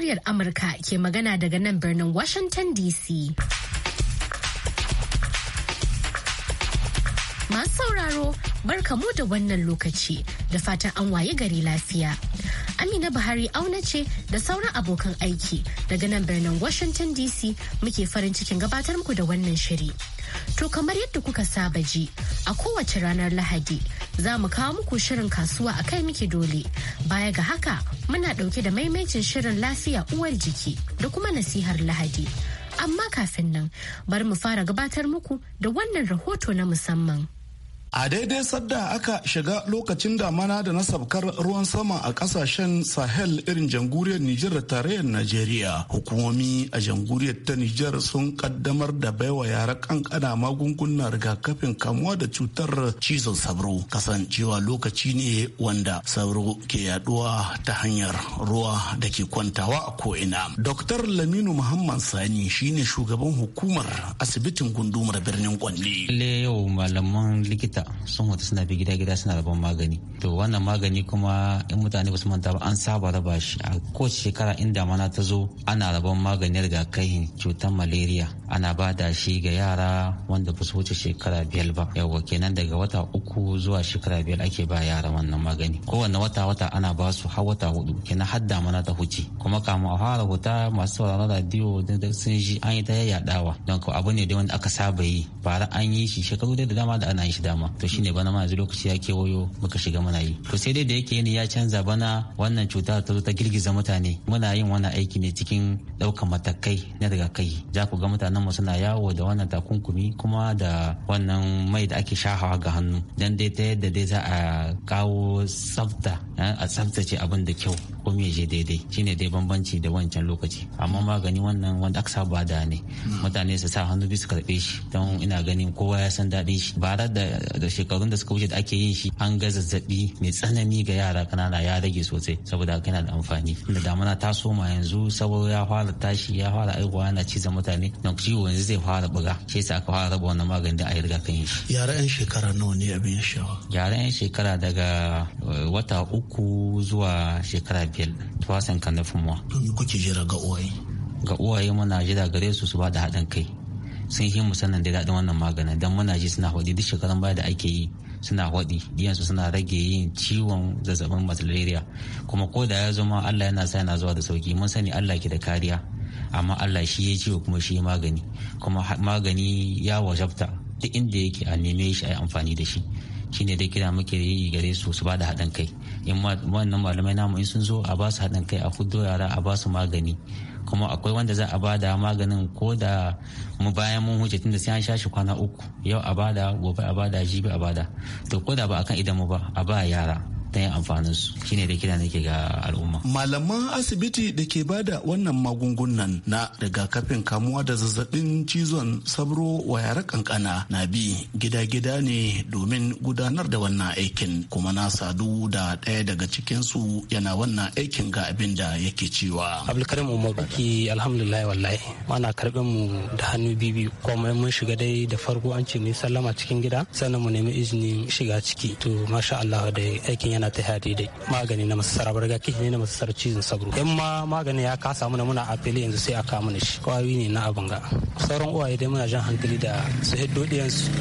muryar Amurka ke magana daga nan birnin Washington DC. Masu sauraro, barka mu da wannan lokaci da fatan an waye gari lafiya. Amina Buhari auna ce da sauran abokan aiki daga nan birnin Washington DC muke farin cikin gabatar muku da wannan shiri. To kamar yadda kuka saba ji a kowace ranar Lahadi za mu kawo muku shirin kasuwa a kai muke dole. Baya ga haka muna ɗauke da maimaicin shirin lafiya uwar jiki da kuma nasihar Lahadi. Amma kafin nan bari mu fara gabatar muku da wannan rahoto na musamman. A daidai sadda aka shiga lokacin damana da na sabkar ruwan sama a kasashen Sahel irin janguriyar Nijar da tarayyar Najeriya. Hukumomi a jamhuriyar ta Nijar sun kaddamar da baiwa yara kankana magunguna rigakafin kamuwa da cutar cizon sabro. Kasancewa lokaci ne wanda sabro ke yaduwa ta hanyar ruwa da ke kwantawa a ko'ina. Dr. Laminu Muhammad Sani shine shugaban hukumar asibitin gundumar birnin Kwanne. Yau malaman likita likita sun wata suna bi gida-gida suna rabon magani to wannan magani kuma in mutane basu manta ba an saba raba shi a kowace shekara in damana ta zo ana rabon maganin kai cutar malaria ana ba da shi ga yara wanda ba wuce shekara biyar ba yawwa kenan daga wata uku zuwa shekara biyar ake ba yara wannan magani wanne wata wata ana ba su har wata hudu kenan har damana ta huce kuma kamun a fara huta masu sauraron radiyo sun ji an yi ta yayyadawa don abu ne da wanda aka saba yi bara an yi shi shekaru da dama da ana yi shi dama to shine bana ma yanzu lokaci ya kewayo muka shiga muna yi to sai dai da yake yanayi ya canza bana wannan cuta ta zo ta girgiza mutane muna yin wannan aiki ne cikin ɗaukan matakai na daga kai. za ku ga mutanen mu suna yawo da wannan takunkumi kuma da wannan mai da ake shahawa ga hannu dan dai ta yadda dai za a kawo tsafta a tsaftace abin da kyau ko me je daidai shine dai bambanci da wancan lokaci amma magani wannan wanda aka saba da ne mutane su sa hannu bisu karbe shi don ina ganin kowa ya san daɗin shi ba da da shekarun da suka wuce da ake yin shi an ga zazzabi mai tsanani ga yara kanana ya rage sosai saboda haka yana da amfani da damana ta soma yanzu saboda ya fara tashi ya fara aihuwa yana ciza mutane na ciwo yanzu zai fara buga shi yasa aka fara raba wannan maganin da a yi rigakafin shi yara yan shekara nawa ne abin shawa yara yan shekara daga eh, wata uku zuwa shekara biyar tuwasan kanafin mu kuke jira ga uwaye ga uwaye muna jira gare su su ba da haɗin kai sun yi mu sanin da daɗin wannan maganin don muna ji suna faɗi duk shekaran baya da ake yi suna faɗi diyansu suna rage yin ciwon zazzabin malaria kuma ko da ya zama allah yana sa yana zuwa da sauki mun sani allah ke da kariya amma allah shi ya ciwo kuma shi magani kuma magani ya wajabta duk inda yake a neme shi a yi amfani da shi shine dai kira muke yi gare su su da haɗin kai in wannan malamai namu in sun zo a ba su haɗin kai a kudo yara a ba su magani kuma akwai wanda za a bada maganin ko da mu bayan mun huce tunda sai an sha shi kwana uku yau a bada gobe a bada jibi a bada to ko da ba akan idan mu ba a ba yara ta yin amfanin su shine da kira ke ga al'umma malaman asibiti da ke bada wannan magungunan na rigakafin kamuwa da zazzabin cizon sabro wa yara kankana na bi gida-gida ne domin gudanar da wannan aikin kuma na sadu da ɗaya daga cikin su yana wannan aikin ga abin da yake cewa abdulkarim umar baki alhamdulillah wallahi ana karɓin mu da hannu bibi kuma mun shiga dai da farko an ce ni sallama cikin gida sannan mu nemi izinin shiga ciki to masha Allah da aikin yana ta daidai magani na sarabar rigakafi ne na sarar cizon sabro in ma magani ya kasa mana muna a fili yanzu sai a kama shi kwayoyi ne na ga sauran uwaye dai muna jan hankali da su hiddo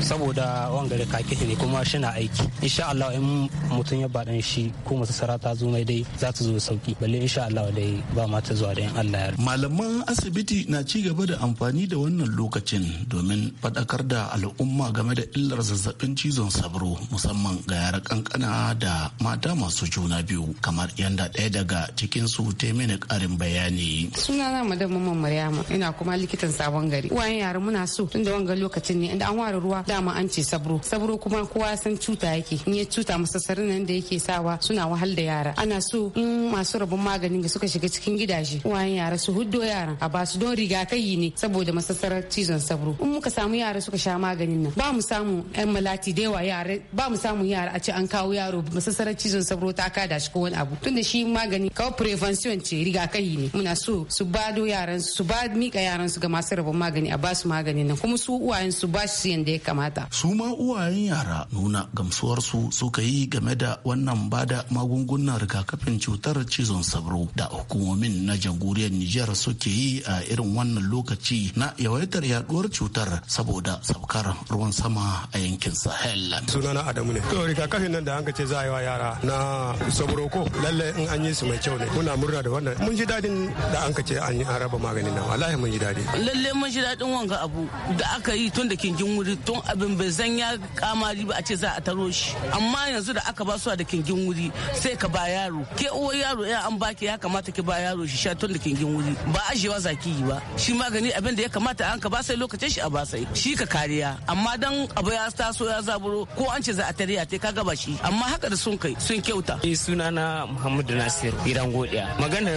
saboda wangare kakihi ne kuma shi na aiki insha Allah in mutum ya baɗan shi ko masassara ta zo mai dai za ta zo sauki balle insha Allah dai ba ma ta zuwa da Allah ya malaman asibiti na ci gaba da amfani da wannan lokacin domin faɗakar da al'umma game da illar zazzabin cizon sabro musamman ga yara kankana da mata masu juna biyu kamar yanda ɗaya daga cikin su ta mini ƙarin bayani. suna na madam Mamman Maryama ina kuma likitan sabon gari. Uwayen yara muna so tun da wanga lokacin ne inda an ware ruwa dama an ce sabro. Sabro kuma kowa san cuta yake in ya cuta masasarin nan da yake sawa suna wahal da yara. Ana so in masu rabon maganin da suka shiga cikin gidaje uwayen yara su huddo yara a basu don riga rigakafi ne saboda masassarar cizon sabro. In muka samu yara suka sha maganin nan ba mu samu 'yan malati da yawa yara ba mu samu yara a ce an kawo yaro masassarar cizon sauro ta kada shi ko wani abu Tun tunda shi magani kawai prevention ce riga rigakafi ne muna so su bado yaran su ba mika yaran su ga masu rabon magani a ba su magani nan kuma su uwayen su ba su yanda ya kamata su ma uwayen yara nuna gamsuwar su suka yi game da wannan bada magungunan rigakafin cutar cizon sauro da hukumomin na jamhuriyar Nijar suke yi a irin wannan lokaci na yawaitar yaduwar cutar saboda saukar ruwan sama a yankin Sahel sunana Adamu ne to rigakafin nan da an ce za a yi wa yara na saboroko lalle in an yi su mai kyau ne muna murna da wannan mun ji dadin da an kace an yi an raba maganin nan wallahi mun ji dadi lalle mun ji dadin wanga abu da aka yi tun da kingin wuri tun abin bai zan ya kamari ba a ce za a taro shi amma yanzu da aka ba su da kingin wuri sai ka ba yaro ke uwar yaro ya an baki ya kamata ki ba yaro shi sha tun da kingin wuri ba ajewa zaki yi ba shi magani abin da ya kamata an ka ba sai lokacin shi a ba sai shi ka kariya amma dan abu ya taso ya zaburo ko an ce za a tare a te ka gaba shi amma haka da sun kai sun kyauta ni sunana muhammadu nasir iran godiya magana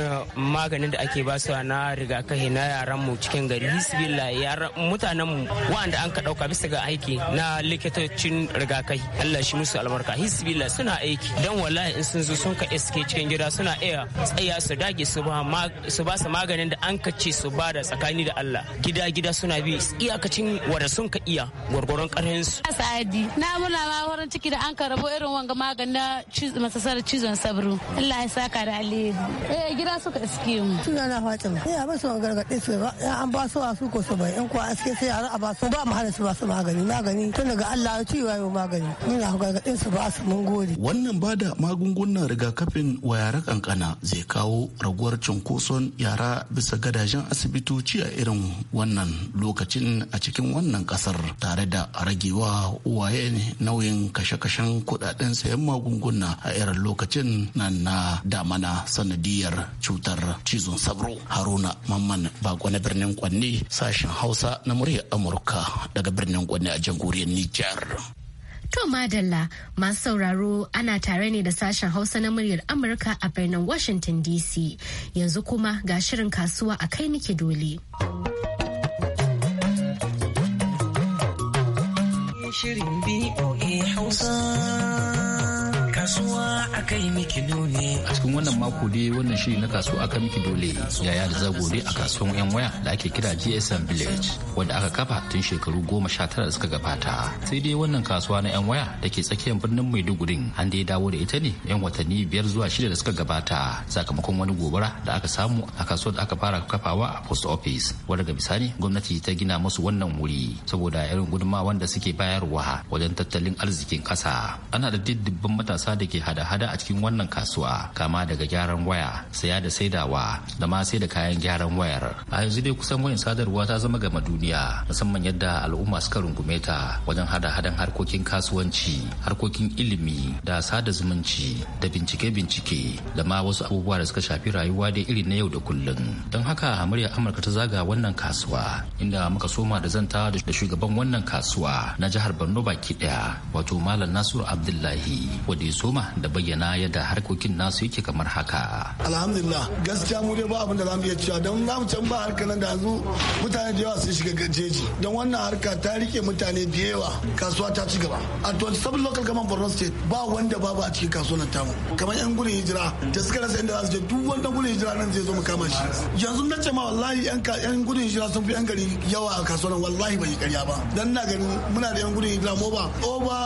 maganin da ake basuwa na rigakafi na yaran mu cikin gari bismillah yaran mutanen mu wa'anda an ka dauka bisa ga aiki na likitocin rigakafi Allah shi musu albarka Bismillah suna aiki dan wallahi in sun zo sun ka iske cikin gida suna iya tsaya su dage su ba su ba su maganin da an ka ce su ba da tsakani da Allah gida gida suna bi iyakacin wanda sun ka iya gwargwaron karhin su sa'adi na muna ma wurin ciki da an ka rabo irin wanga maganin masasar cizon sabro Allah ya saka da aliyu eh gida suka iske mu suna na fatima sai a basu gargaɗe su ba eh, an ba su a su ko su bai in ko a iske sai a ba su ba mu hana su ba magani magani tun daga Allah ya ciwa yau magani muna gargaɗe su ba su mun gode wannan bada magungunan rigakafin wa kankana zai kawo raguwar cunkoson yara bisa gadajen asibitoci a irin wannan lokacin a cikin wannan kasar tare da ragewa uwaye nauyin kashe-kashen kudaden sayan magunguna kunna a irin lokacin nan na damana sanadiyar cutar cizon sabro haruna mamman bako na birnin kwanne sashen hausa na muryar amurka daga birnin kwanne a jamhuriyar nijar To Madalla masu sauraro ana tare ne da sashen Hausa na muryar Amurka a birnin Washington DC. Yanzu kuma ga shirin kasuwa a kai nike dole. Shirin BOA Hausa. kasuwa aka yi miki dole a cikin wannan mako dai wannan shiri na kasuwa aka miki dole yaya da dai a kasuwan yan waya da ake kira gsm village wanda aka kafa tun shekaru goma sha tara da suka gabata sai dai wannan kasuwa na yan waya da ke tsakiyar birnin maiduguri an dai dawo da ita ne yan watanni biyar zuwa shida da suka gabata sakamakon wani gobara da aka samu a kasuwar da aka fara kafawa a post office wanda ga bisani gwamnati ta gina musu wannan wuri saboda irin gudunmawa wanda suke bayarwa wajen tattalin arzikin kasa ana da diddibin matasa matasa da ke hada-hada a cikin wannan kasuwa kama daga gyaran waya saya da saidawa da ma sai da kayan gyaran wayar a yanzu dai kusan wayan sadarwa ta zama gama duniya musamman yadda al'umma suka rungume ta wajen hada-hadan harkokin kasuwanci harkokin ilimi da sada zumunci da bincike-bincike da ma wasu abubuwa da suka shafi rayuwa da irin na yau da kullum don haka murya amurka ta zaga wannan kasuwa inda muka soma da zanta da shugaban wannan kasuwa na jihar borno baki daya wato malam nasiru abdullahi wadda ya soma da bayyana yadda harkokin nasu yake kamar haka. Alhamdulillah gaskiya mu dai ba abin da zamu iya cewa don zamu can ba harka nan da yanzu mutane da yawa sun shiga gajeji don wannan harka ta rike mutane da yawa kasuwa ta ci gaba. A 27 local government Borno state ba wanda babu a cikin kasuwar tamu kamar yan gudun hijira da suka rasa inda za su je duk wanda gudun hijira nan zai zo mu kama shi. Yanzu na ce ma wallahi yan gudun hijira sun fi yan gari yawa a kasuwar wallahi bai karya ba. Dan na gani muna da yan gudun hijira mo ba. Oba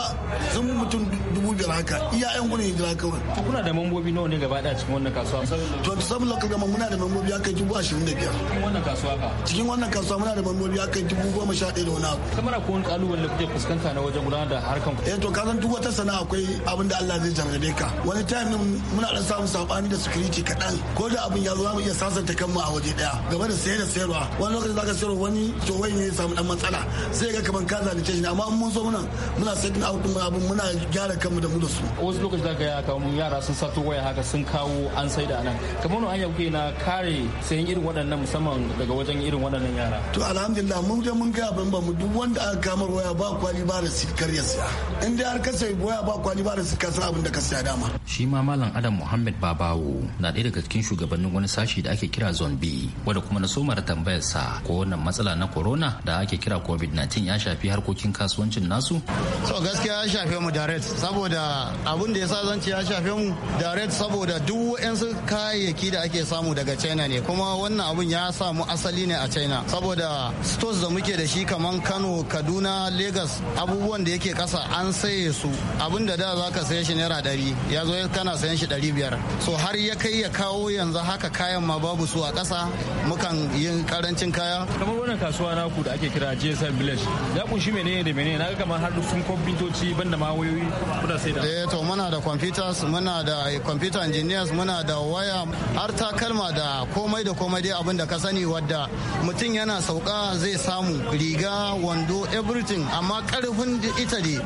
sun mutum dubu biyar haka. 'ya'yan gudun hijira kawai. To kuna da mambobi nawa ne gaba ɗaya cikin wannan kasuwa? To saboda ka gama muna da mambobi akan dubu ashirin da biyar. Cikin wannan kasuwa ka? Cikin wannan kasuwa muna da mambobi akan dubu goma sha ɗaya da wani abu. Kamar akwai wani kalubale da kuke fuskanta na wajen gudanar da harkan ku? Eh to ka san duk wata sana'a akwai abin da Allah zai jarrabe ka. Wani time muna da samun sabani da security kaɗan ko da abin ya zo za mu iya sasanta kanmu a waje ɗaya gaba da saye da sayarwa wani lokacin za ka wani to wai ne ya samu dan matsala sai ga kaman ka zalunce shi amma mun zo muna muna sayar da abin muna gyara kanmu da mu da su. wasu lokaci da ka ya kawo mun yara sun sato waya haka sun kawo an saida nan kamar wani hanya kuke na kare sayan irin waɗannan musamman daga wajen irin waɗannan yara to alhamdulillah mun da mun gaya ban mu duk wanda aka kamar waya ba kwali ba da sikar ya siya in dai har ka sai waya ba kwali ba da sikar san abin da ka siya dama shi ma malam adam muhammad babawo na ɗaya daga cikin shugabannin wani sashi da ake kira zone b wanda kuma na somar tambayar sa ko wannan matsala na corona da ake kira covid-19 ya shafi harkokin kasuwancin nasu so gaskiya ya shafi mu direct saboda abu abin da ya sa zan ya shafe mu red saboda duk wa'yansu kayayyaki da ake samu daga china ne kuma wannan abin ya samu asali ne a china saboda stores da muke da shi kamar kano kaduna lagos abubuwan da yake kasa an saye su abin da da zaka saye shi naira ɗari ya zo kana sayan shi ɗari biyar so har ya kai ya kawo yanzu haka kayan ma babu su a kasa mukan yin karancin kaya kamar wannan kasuwa naku da ake kira gsm village ya kunshi menene da menene na ga kamar har sun kwamfutoci banda ma wayoyi kuna sai da eh, muna da computers muna da computer engineers muna da waya har takalma da komai da komai dai abin da ka sani wadda mutum yana sauka zai samu riga wando everything amma karfin ita ne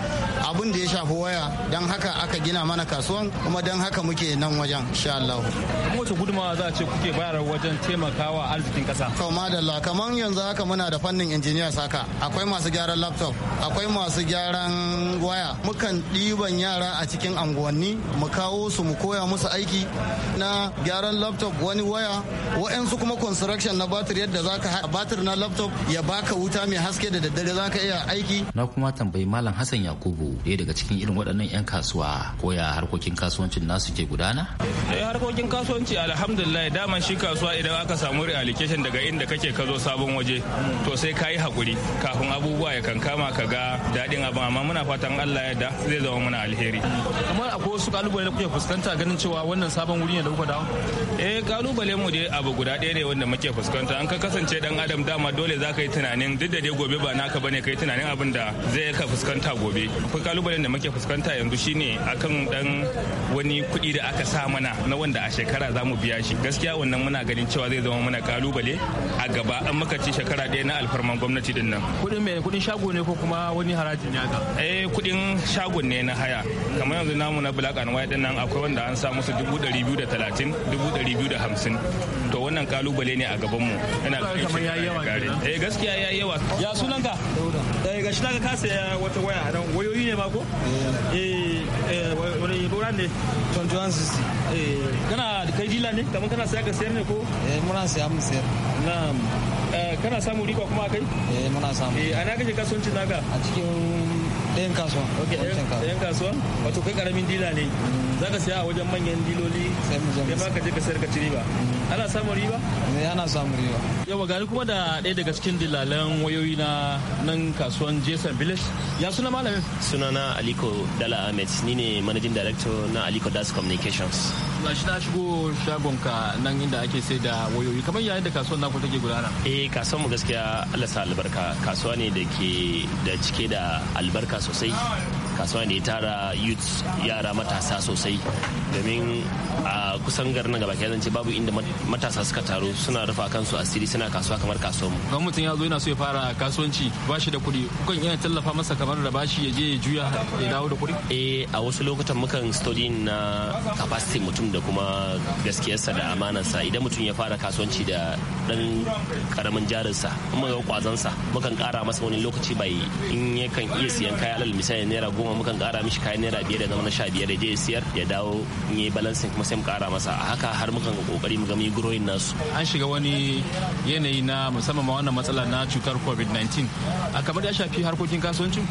abin da ya shafi waya don haka aka gina mana kasuwan kuma don haka muke nan wajen sha Allah. Wace gudunmawa za a ce kuke bayar wajen taimakawa arzikin kasa? To madalla kamar yanzu haka muna da fannin engineers haka akwai masu gyaran laptop akwai masu gyaran waya mukan ɗiban yara a cikin anguwanni mu kawo su mu koya musu aiki na gyaran laptop wani waya wa'yansu kuma construction na batir yadda za ka batir na laptop ya baka wuta mai haske da daddare za ka iya aiki na kuma tambayi malam hassan yakubu ɗaya daga cikin irin waɗannan 'yan kasuwa koya harkokin kasuwancin nasu ke gudana eh, harkokin kasuwanci alhamdulillah dama shi kasuwa idan aka samu realication daga inda kake ka zo sabon waje to sai ka yi hakuri kafin abubuwa ya kankama ka ga daɗin abin amma muna fatan allah yadda zai zama muna alheri kamar akwai wasu kalubale da kuke fuskanta ganin cewa wannan sabon wuri ne da kuka dawo eh kalubale mu dai abu guda ɗaya ne wanda muke fuskanta an ka kasance dan adam dama dole za ka yi tunanin duk da dai gobe ba naka bane kai tunanin abin da zai ka fuskanta gobe akwai kalubale da muke fuskanta yanzu shine akan dan wani kuɗi da aka sa mana na wanda a shekara za mu biya shi gaskiya wannan muna ganin cewa zai zama mana kalubale a gaba an muka ci shekara ɗaya na alfarman gwamnati din nan kuɗin me kuɗin shago ne ko kuma wani harajin ne ga eh kuɗin shagon ne na haya kamar yanzu namu na black and white nan akwai wanda an sa musu dubu dari biyu da talatin dubu dari biyu da hamsin to wannan kalubale ne a gaban mu ina eh gaskiya ya yawa ya sunanka eh shi daga ka ya wata waya nan wayoyi ne ma ko eh, eh, eh wani dora ne 2160 eh kana kai dila ne kamar kana saya ka sayar ne ko eh muna saya mu sayar na'am eh, kana samu riba kuma kai eh muna samu eh ana kake kasuwanci naka a cikin ɗayan kasuwa ɗayan kasuwa wato kai karamin dila ne mm. za ka siya a wajen manyan diloli sai ma ka je ka sayar ka ci riba mm. ana samun riba ne eh, ana samun riba yawa gari kuma da ɗaya daga cikin dilalan wayoyi na nan kasuwan jason village ya suna malamin sunana aliko dala ahmed ni ne managing director na aliko das communications gashi na shigo ka nan inda ake sai da wayoyi kamar yayin da kasuwar naku take gudana eh kasuwar mu gaskiya Allah sa albarka kasuwa ne da ke da cike da albarka sosai kasuwa ne tara youth yara matasa sosai domin a kusan garin gaba ke zance babu inda matasa suka taru suna rufa kansu asiri suna kasuwa kamar kasuwa mu ga mutum ya zo yana so ya fara kasuwanci ba shi da kuɗi kukan iya tallafa masa kamar da bashi ya je ya juya ya dawo da kuɗi eh a wasu lokutan mukan study na capacity mutum da kuma gaskiyarsa da amanarsa idan mutum ya fara kasuwanci da dan karamin jarinsa kuma ga kwazansa mukan kara masa wani lokaci bai in kan iya siyan kaya alal misali naira goma mukan kara mishi kaya naira biyar da zama na sha biyar da je ya siyar ya dawo in yi balancing kuma sai mu kara masa a haka har mukan ga kokari mu ga mu growing nasu an shiga wani yanayi na musamman ma wannan matsala na cutar covid-19 a kamar ya shafi harkokin kasuwancin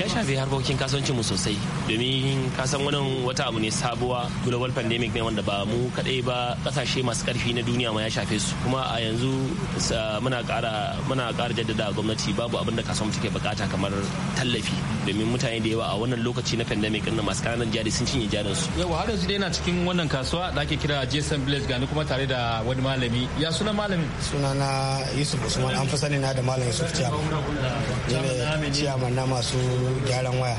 ya shafi harkokin kasuwancin mu sosai domin kasan wannan wata abu ne sabuwa global pandemic ne wanda ba mu kadai ba kasashe masu karfi na duniya ma ya shafe su kuma a yanzu muna kara muna kara jaddada gwamnati babu abin da kasuwanci take bukata kamar tallafi domin mutane da yawa a wannan lokaci na pandemic din masu kananan jari sun cinye jarin su yawa har yanzu dai na cikin wannan kasuwa da ake kira Jason blaze gani kuma tare da wani malami. Ya suna malamin? Sunana Yusuf Usman an fi sani na da malam Yusuf ciyama Ne Ciyaman na masu gyaran waya.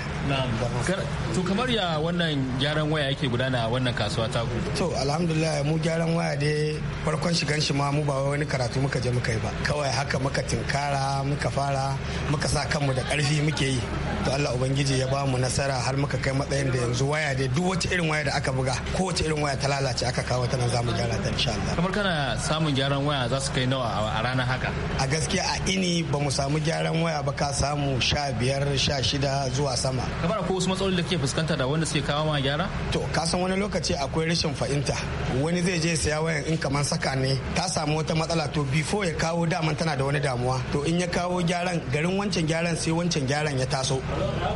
To kamar ya wannan gyaran waya yake gudana a wannan kasuwa ta ku? To alhamdulillah mu gyaran waya dai farkon shigan shi ma mu ba wani karatu muka je muka yi ba. Kawai haka muka tinkara muka fara muka sa kanmu da ƙarfi muke yi. To Allah Ubangiji ya ba mu nasara har muka kai matsayin da yanzu waya dai duk wata irin waya da aka buga kowace irin waya ta lalace aka kawo ta nan za mu gyara ta insha Allah kamar kana samun gyaran waya za su kai nawa a ranar haka a gaskiya a ini ba mu samu gyaran waya ba ka samu sha biyar sha shida zuwa sama kamar ko wasu matsaloli da ke fuskanta da wanda suke kawo ma gyara to ka san wani lokaci akwai rashin fahimta wani zai je saya wayan in kamar saka ne ta samu wata matsala to before ya kawo daman tana da wani damuwa to in ya kawo gyaran garin wancan gyaran sai wancan gyaran ya taso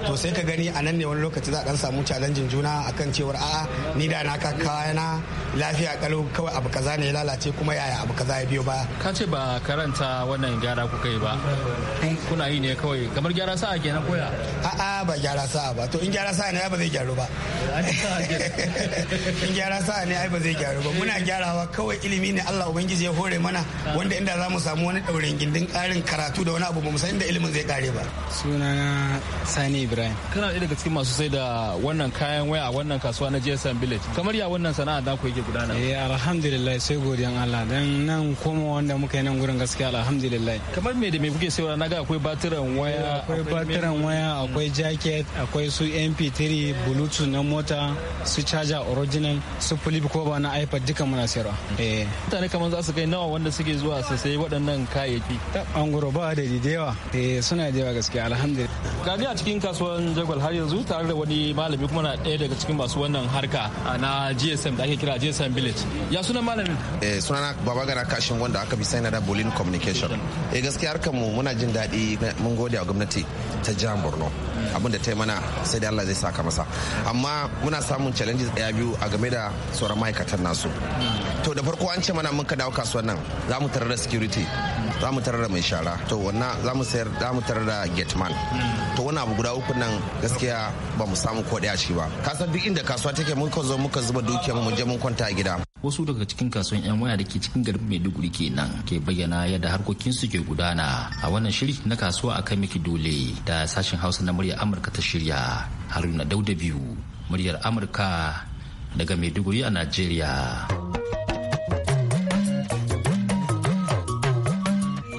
to sai ka gani a nan ne wani lokaci za a dan samu challenge juna akan cewar a'a ni da na ka na lafiya kalu kawai abu kaza ne ya lalace kuma yaya abu kaza ya biyo ba ka ce ba karanta wannan gyara kuka yi ba kuna yi ne kawai kamar gyara sa'a kenan koya a'a ba gyara sa'a ba to in gyara sa'a ne ai ba zai gyaru ba in gyara sa'a ne ai ba zai gyaru ba muna gyarawa kawai ilimi ne Allah ubangiji ya hore mana wanda inda za mu samu wani daurin gindin karin karatu da wani abu ba mu san inda ilimin zai kare ba sunana Sani Ibrahim kana daga cikin masu sai da wannan kayan waya a wannan kasuwa na jsmb village kamar ya wannan sana'a da ku yake gudana eh alhamdulillah sai godiyan Allah dan nan koma wanda muka yi nan gurin gaskiya alhamdulillah kamar me da me kuke sayarwa naga akwai batiran waya eh, akwai batiran waya akwai jacket akwai su mp3 bluetooth na mota su charger original su flip cover na ipad duka muna sayarwa eh mutane kamar za su kai nawa wanda suke zuwa su sayi waɗannan kayayyaki an goro ba da yawa eh suna da yawa gaskiya alhamdulillah ni a cikin kasuwan jagwal har yanzu tare da wani malami kuma na ɗaya daga cikin masu wannan harka na GSM da ake kira GSM Village. Ya suna malamin? Eh sunana Baba Gana Kashin wanda aka bi sanar da Bolin Communication. Eh gaskiya harkar mu muna jin daɗi mun gode wa gwamnati ta jihar Borno. abin da ta yi mana sai da Allah zai saka masa amma muna samun challenges daya biyu a game da tsoron ma'aikatan nasu to da farko an ce mana mun ka dawo kasuwan nan za mu tarar da security za mu tarar da mai shara to wannan za mu sayar za mu tarar da gate man to wani abu guda uku nan gaskiya ba mu samu ko daya shi ba kasan duk inda kasuwa take mun ka zo muka zuba dukiyar mu je mun kwanta a gida wasu daga cikin kasuwan yan waya da ke cikin garin mai kenan ke nan ke bayyana yadda harkokin su ke gudana a wannan shiri na kasuwa a kai miki dole da sashen Hausa na muryar amurka ta shirya haruna dauda biyu muryar amurka daga maiduguri a najeriya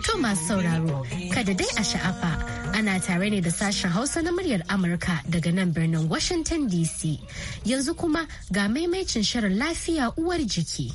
to masu sauraro kada dai a sha'afa ana tare ne da sashen hausa na muryar amurka daga nan birnin washington dc yanzu kuma ga maimaicin shirin lafiya uwar jiki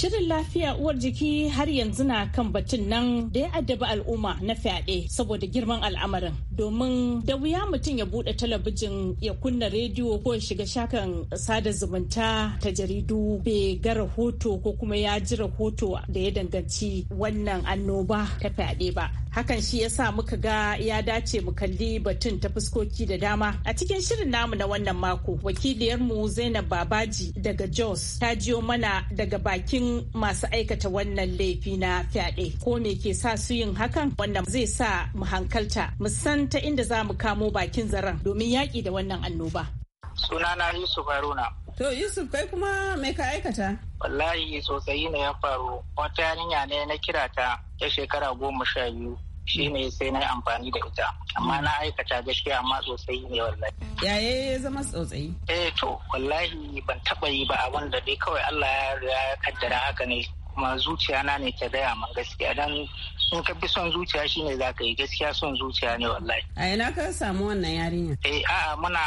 Shirin lafiya uwar jiki har yanzu na kan batun nan da ya addaba al'umma na fyaɗe saboda girman al'amarin. Domin da wuya mutum ya buɗe talabijin ya kunna rediyo ko ya shiga shakan sada zumunta ta jaridu bai ga rahoto ko kuma ya ji rahoto da ya danganci wannan annoba ta fyaɗe ba. Hakan shi yasa muka ga ya dace mu kalli batun ta fuskoki da dama. A cikin shirin namu na wannan mako, wakiliyarmu Zainab Babaji daga Jos ta jiyo mana daga bakin masu aikata wannan laifi na fyaɗe ko me ke sa su yin hakan wanda zai sa mu hankalta mu san ta inda za mu kamo bakin zaren domin yaƙi da wannan annoba. Sunana Yusuf Haruna. To Yusuf kai kuma me ka aikata? Wallahi sosai ne ya faru wata yarinya ne na kira ta ta shekara goma sha biyu ne sai na amfani da ita amma na aikata gaskiya amma sosai ne wallahi yaye ya zama tsotsayi eh to wallahi ban taba yi ba abin da dai kawai Allah ya kaddara haka ne kuma zuciya na ne ta gaya mun gaskiya dan in ka bi son zuciya shine za ka yi gaskiya son zuciya ne wallahi a ina ka samu wannan yarinya eh a'a muna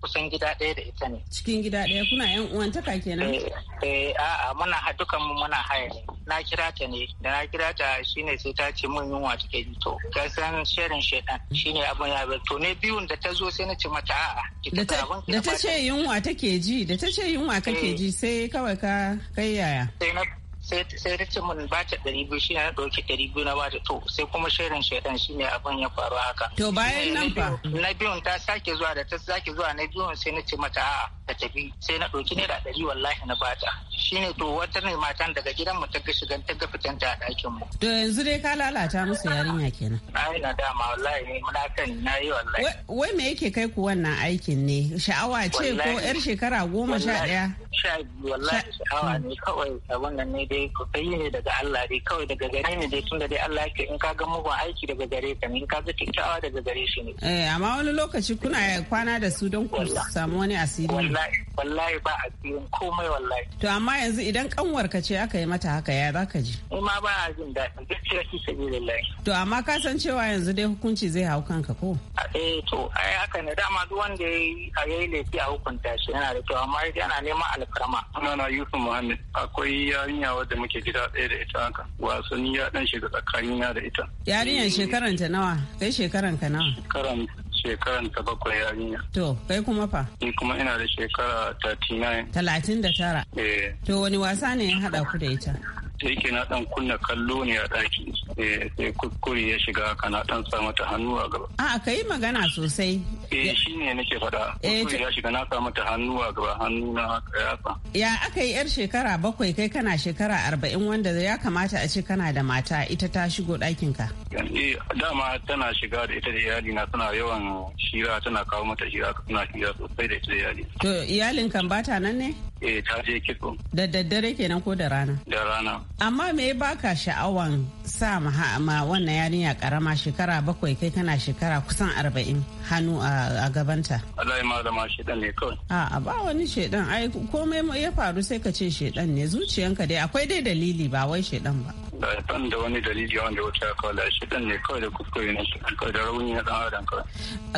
kusan gida ɗaya da ita ne cikin gida ɗaya kuna yan uwantaka kenan eh, eh a'a muna dukan mu muna haya ne na kira ta ne da na kira ta shine sai ta ce mun yunwa take yi to ka san sharin shedan shine abin ya to ne biyun da ta zo sai na ce mata a'a da ta ce yunwa take ji da ta ce yunwa kake eh. ji sai kawai ka kai yaya sai sai ta ce mun ba ta ɗari biyu shi na ɗauki ɗari biyu na ba ta to sai kuma shirin shaidan shi ne abin ya faru haka. To bayan nan fa. Na biyun ta sake zuwa da ta sake zuwa na biyun sai na ce mata a'a ka tafi sai na ɗauki naira ɗari wallahi na bata shine to wata ne matan daga gidan mu ta ga shigan ta ga fitan ta a ɗakin mu. to yanzu dai ka lalata musu yarinya kenan. ai na dama wallahi ne muna kan na yi wallahi. wai me yake kai ku wannan aikin ne sha'awa ce ko yar shekara goma sha ɗaya. sha biyu wallahi sha'awa hmm. ne kawai abin nan ne dai kai ne daga Allah dai kawai daga gare ne dai tunda dai Allah yake in ka ga mugun aiki daga gare ka ne in ka ga kyakkyawa daga gare shi ne. eh amma wani lokaci kuna kwana da su don ku samu wani asiri. wallahi wallahi ba a cikin komai wallahi to amma yanzu idan kanwar ka ce aka yi mata haka ya zaka ji ma ba a jin daɗi gaskiya ki sabilillahi to amma ka san cewa yanzu dai hukunci zai hau kanka ko eh to ai haka ne dama duk wanda yayi a yayi laifi a hukunta shi yana da kyau amma yanzu yana neman alfarma sunana Yusuf Muhammad akwai yarinya wadda muke gida ɗaya da ita haka wasanni ya dan shiga tsakanina da ita yarinyar shekaranta nawa kai shekaranka nawa shekaranta shekaran ta bakwai yarinya. To, kai kuma fa? Ni kuma ina da shekara 39. 39? Eh. To, wani wasa ne ya haɗa ku da ita? ta yake na dan kunna kallo ne a daki. Eh, sai kuskure ya shiga ka na dan sa mata hannu a gaba. A ka yi magana sosai. Eh shi ne nake faɗa. Eh, kuskure ya shiga na sa mata hannu a gaba hannu na yatsa. ya Ya aka yi yar shekara bakwai kai kana shekara arba'in wanda ya kamata a ce kana da mata ita ta shigo ɗakin ka. Eh dama tana shiga da ita da iyali na suna yawan shira tana kawo mata shira suna shira sosai da ita da iyali. To iyalin kan bata nan ne? eh ta je kitso da daddare kenan ko da rana da rana amma me ya baka sha'awan sa ma wannan yarinya karama shekara bakwai kai kana shekara kusan arba'in hannu a gabanta Allah ma da ma shedan ne kawai a ba wani shedan ai komai ya faru sai ka ce shedan ne zuciyanka dai akwai dai dalili ba wai shedan ba ban da wani dalili wanda wuce a kawai da shi ne kawai da kuskure ne shi kawai da rauni na dan adam kawai.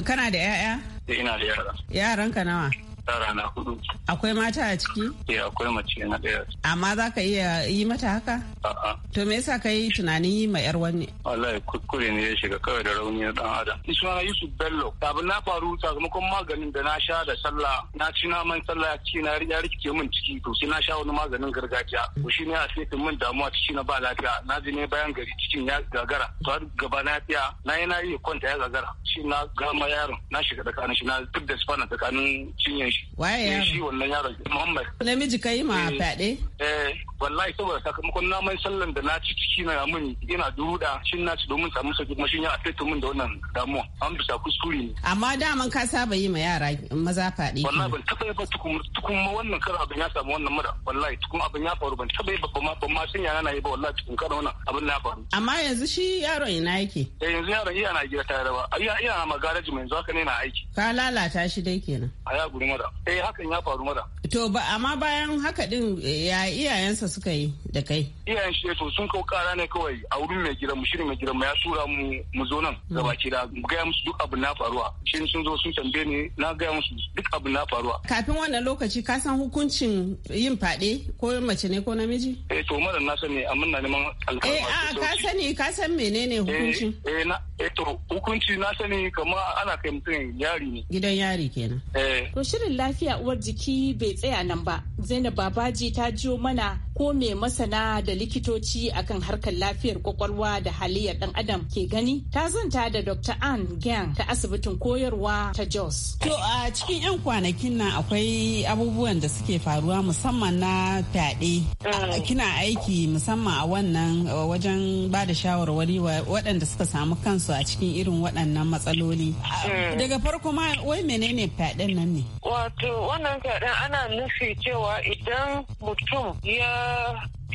Kana da 'ya'ya? Eh, ina da yara. Yaran ka nawa? yara na hudu. Akwai mata a ciki? Eh akwai mace na ɗaya. Amma za ka iya yi mata haka? A'a. To me yasa ka yi tunanin yi ma 'yar wani? Wallahi kuskure ne ya shiga kawai da rauni na ɗan adam. Ni suna Yusuf Bello. Abin na faru sakamakon maganin da na sha da sallah na ci naman sallah ci na ya rikice min ciki to sai na sha wani maganin gargajiya. To shi ne a sai min damuwa ciki na ba lafiya na ji ne bayan gari cikin ya gagara. To har gaba na fiya na yi na yi kwanta ya gagara. Shi na gama yaron na shiga tsakanin shi na duk da spana tsakanin cinyan shi waye eh, yaro shi wannan yaro Muhammad namiji kai ma eh, fade eh wallahi saboda sakamakon na mai sallan da na ci ciki na mun ina duruda shin na ci domin samu sauki kuma shin ya afeta mun da wannan damuwa an bisa kuskure ne amma da daman ka saba yi ma yara maza fade wallahi ban taba yi ba tukun tukun ma wannan kar abin ya samu wannan mura wallahi tukun abin ya faru ban taba yi ba ma ban ma sun yana na yi ba wallahi tukun kada wannan abin na faru amma yanzu shi yaron ina yake eh yanzu yaron iya na gida tare da ba iya iya ma garaji mai yanzu haka ne na aiki ka lalata shi dai kenan a ya guri mara eh hakan ya faru mara to ba amma bayan haka din eh, ya iyayensa suka yi da kai iyayen shi to sun kawo kara ne kawai a wurin mai gidan mu shirin mai gidan mu ya tura mu mu zo nan hmm. baki da gaya musu duk abin na faruwa shi sun zo sun tambaye ni na gaya musu duk abin na faruwa kafin wannan lokaci ka san hukuncin yin fade ko mace ne ko namiji eh to mara na sani amma na neman alƙawari. eh a ka sani ka san menene eh, hukuncin eh na eh to hukunci na sani kamar ana kai mutum yari ne gidan yari kenan eh to shirin shirin lafiya uwar jiki bai tsaya nan ba. Zainab Babaji ta jiyo mana ko me masana da likitoci akan harkar lafiyar kwakwalwa da haliyar dan adam ke gani ta zanta da dr ann gang ta asibitin koyarwa ta jos to a cikin yan kwanakin nan akwai abubuwan da suke faruwa musamman na fyaɗe ah. kina aiki musamman a wannan wajen ba da shawarwari waɗanda suka samu kansu a cikin irin waɗannan matsaloli hmm. daga farko ma wai menene fyaɗen nan ne wato wannan fyaɗen ana nufi cewa idan mutum ya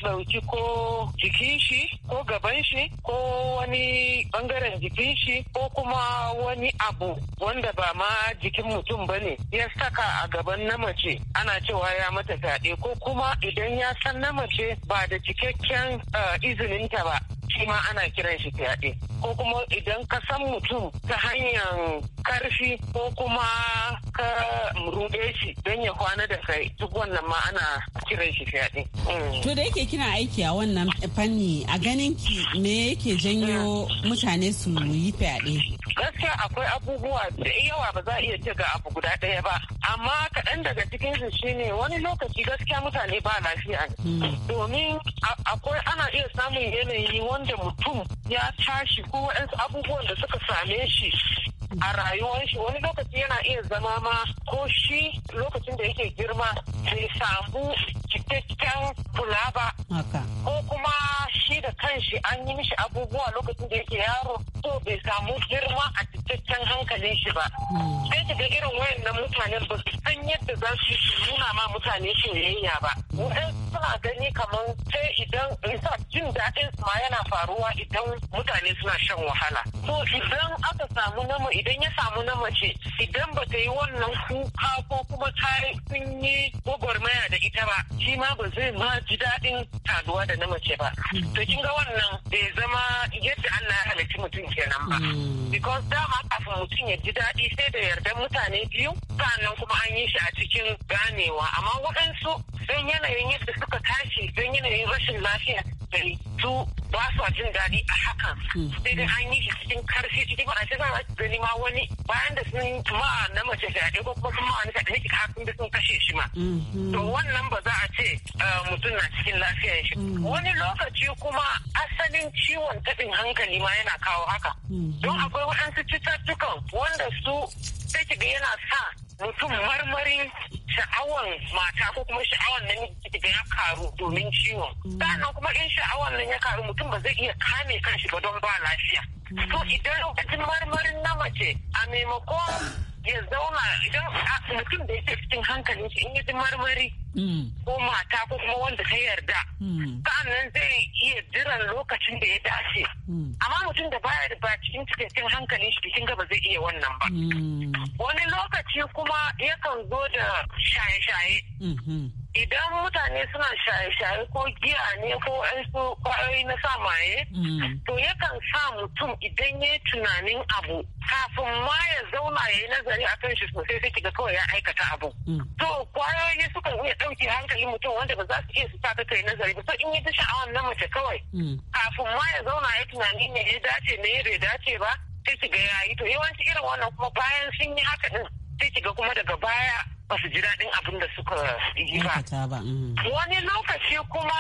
ɗauki ko jikin shi ko gaban shi ko wani bangaren jikin shi ko kuma wani abu wanda ba ma jikin mutum ba ne ya saka a gaban na mace ana cewa ya mata fyaɗe ko kuma idan ya san na mace ba da cikakken eh, izininta ba shi ma ana kiran shi fyaɗe. ko kuma idan ka san mutum ta hanyar karfi ko kuma ka ruɗe shi don ya kwana da kai duk wannan ma ana kiran shi fyaɗe. Mm. To da yake kina aiki a wannan fanni a ganin ki me yake janyo mutane su yi fyaɗe? Gaskiya akwai abubuwa da yawa ba za a iya ce ga abu guda ɗaya ba amma kaɗan daga cikin su shine wani lokaci gaskiya mutane ba lafiya hmm. domin akwai ana iya samun yanayi wanda mutum ya tashi ko abubuwan da suka same shi a rayuwar shi wani lokaci yana iya zama ma ko shi lokacin da yake girma bai samu cikakken kula ba ko kuma shi da kanshi an yi mishi abubuwa lokacin da yake yaro to bai samu girma a cikakken kwanciyar hankalin shi ba sai ki ga irin wayannan mutanen ba su san yadda za su nuna ma mutane soyayya ba waɗansu suna gani kamar sai idan in jin daɗin su ma yana faruwa idan mutane suna shan wahala to idan aka samu nama idan ya samu na mace idan ba ta yi wannan kuka ko kuma ta sun yi gwagwarmaya da ita ba shi ma ba zai ma ji daɗin taduwa da na mace ba to kin ga wannan bai zama yadda Allah ya halarci mutum kenan ba hmm. because dama kafin mutum ya ji daɗi sai da yardar mutane biyu sannan kuma an yi shi a cikin ganewa amma waɗansu don yanayin yadda suka tashi don yanayin rashin lafiya da su ba su jin daɗi a hakan sai dai an yi shi cikin karfi cikin ba a ce zama gani ma wani bayan da sun ma na mace fyaɗe ko kuma sun ma'ani fyaɗe kafin da sun kashe shi ma to wannan ba za a ce eh, mutum na cikin lafiya shi wani lokaci kuma asalin ciwon taɓin hankali ma yana kawo haka don akwai waɗansu cututtuka cututtukan wanda su sai yana sa mutum marmarin sha'awar mata ko kuma sha'awan nan da ya karu domin ciwon sannan kuma in sha'awar nan ya karu mutum ba zai iya kame shi ba don ba lafiya so idan lokacin marmarin na mace a maimakon ya zauna idan mutum da yake cikin hankalin shi in ya ji marmari mm. ko mata ko kuma wanda ta yarda mm. sa'annan zai iya jiran lokacin da ya dace mm. amma mutum da baya da ba cikin cikakken hankalin shi kin gaba zai iya wannan ba wani lokaci kuma yakan zo da shaye-shaye mm-hmm. idan mutane suna shaye-shaye ko giya ne ko su kwayoyi na sa maye mm. to yakan sa mutum idan ya tunanin abu kafin ma ya zauna ya yi nazari a kan shi sosai sai kiga kawai ya aikata abu mm. to kwayoyi sukan iya ɗauke hankali mutum wanda ba za su iya su sa ka kai nazari ba so in yi ta sha'awar na mace kawai mm. kafin ma ya zauna ya tunani me ya dace me ya bai dace ba sai kiga ya yi to yawanci irin wannan kuma bayan sun yi haka din sai kiga kuma daga baya ba su ji daɗin abin da suka yi ba. Mm. Wani lokaci kuma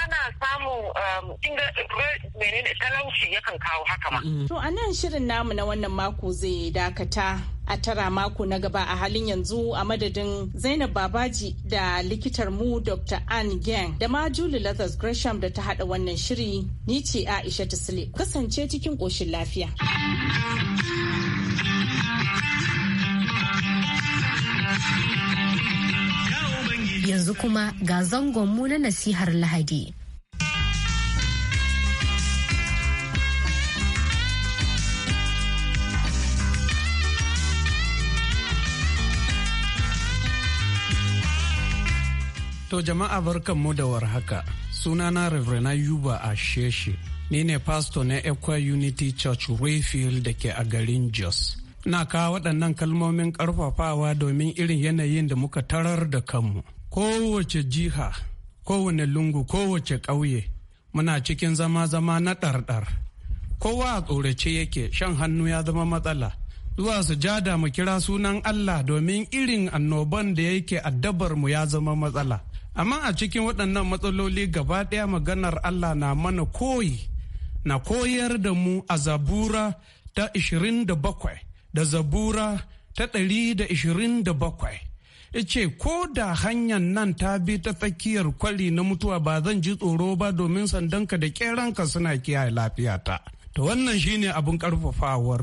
ana samu um, inda menene talauci yakan kawo haka ma. Mm. To a nan shirin namu na wannan mako zai dakata a tara mako na gaba a halin yanzu a madadin Zainab Babaji da likitar mu Dr. Ann Gang da ma Julie Lathers Gresham da ta haɗa wannan shiri ni ce Aisha Tisle kasance cikin ƙoshin lafiya. Yanzu kuma ga zangonmu na nasihar Lahadi. To jama'a barkanmu da warhaka. Sunana Reverend Yuba Asheshe. Ni ne pastor na Equa Unity Church Wayfield da ke a garin Jos. na kawo waɗannan kalmomin ƙarfafawa domin irin yanayin da muka tarar da kanmu kowace jiha kowane lungu kowace ƙauye muna cikin zama-zama na ɗarɗar kowa a tsorace yake shan hannu ya zama matsala zuwa sujada mu kira sunan Allah domin irin annoban da yake addabar mu ya zama matsala amma a cikin waɗannan matsaloli gaba ɗaya maganar Allah na mana koyi na koyar da mu a zabura ta 27 da zabura ta ɗari da ishirin da bakwai ce ko da hanyar nan ta bi ta tsakiyar kwali na mutuwa ba zan ji tsoro ba domin sandanka da ƙeranka suna kiyaye lafiyata to wannan shine abin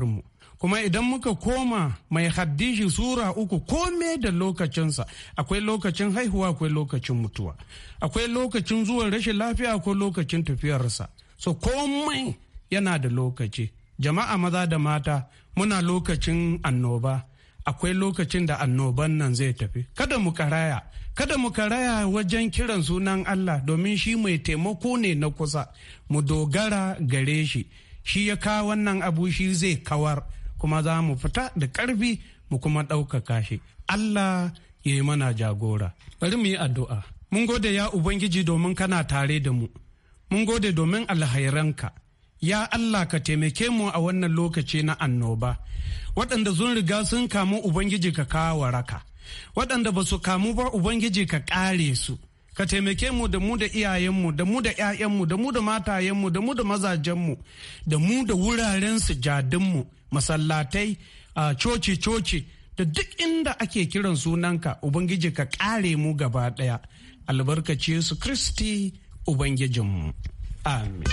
mu. kuma idan muka koma mai haddishi sura uku kome da lokacinsa akwai lokacin haihuwa akwai lokacin mutuwa akwai lokacin zuwan rashin lafiya akwai lokacin tafiyarsa so komai yana da lokaci jama'a maza da mata muna lokacin annoba akwai lokacin da annoban nan zai tafi kada mu karaya kada mu karaya wajen kiran sunan Allah domin shi mai taimako ne na kusa mu dogara gare shi shi ya kawo wannan abu shi zai kawar kuma za mu fita da ƙarfi mu kuma ɗaukaka shi Allah ya yi mana jagora bari mu yi addu'a mun gode ya ubangiji domin kana tare da mu mun gode domin alhairanka ya Allah ka taimake mu a wannan lokaci na annoba waɗanda sun riga sun kamu ubangiji ka kawo waraka waɗanda ba su kamu ba ubangiji ka ƙare su ka taimake mu da mu da iyayenmu da mu da 'ya'yanmu da mu da matayenmu da mu da mazajenmu da mu da wuraren sujadinmu masallatai a coci coci da duk inda ake kiran sunanka ubangiji ka ƙare mu gaba ɗaya albarkace su kristi ubangijinmu amin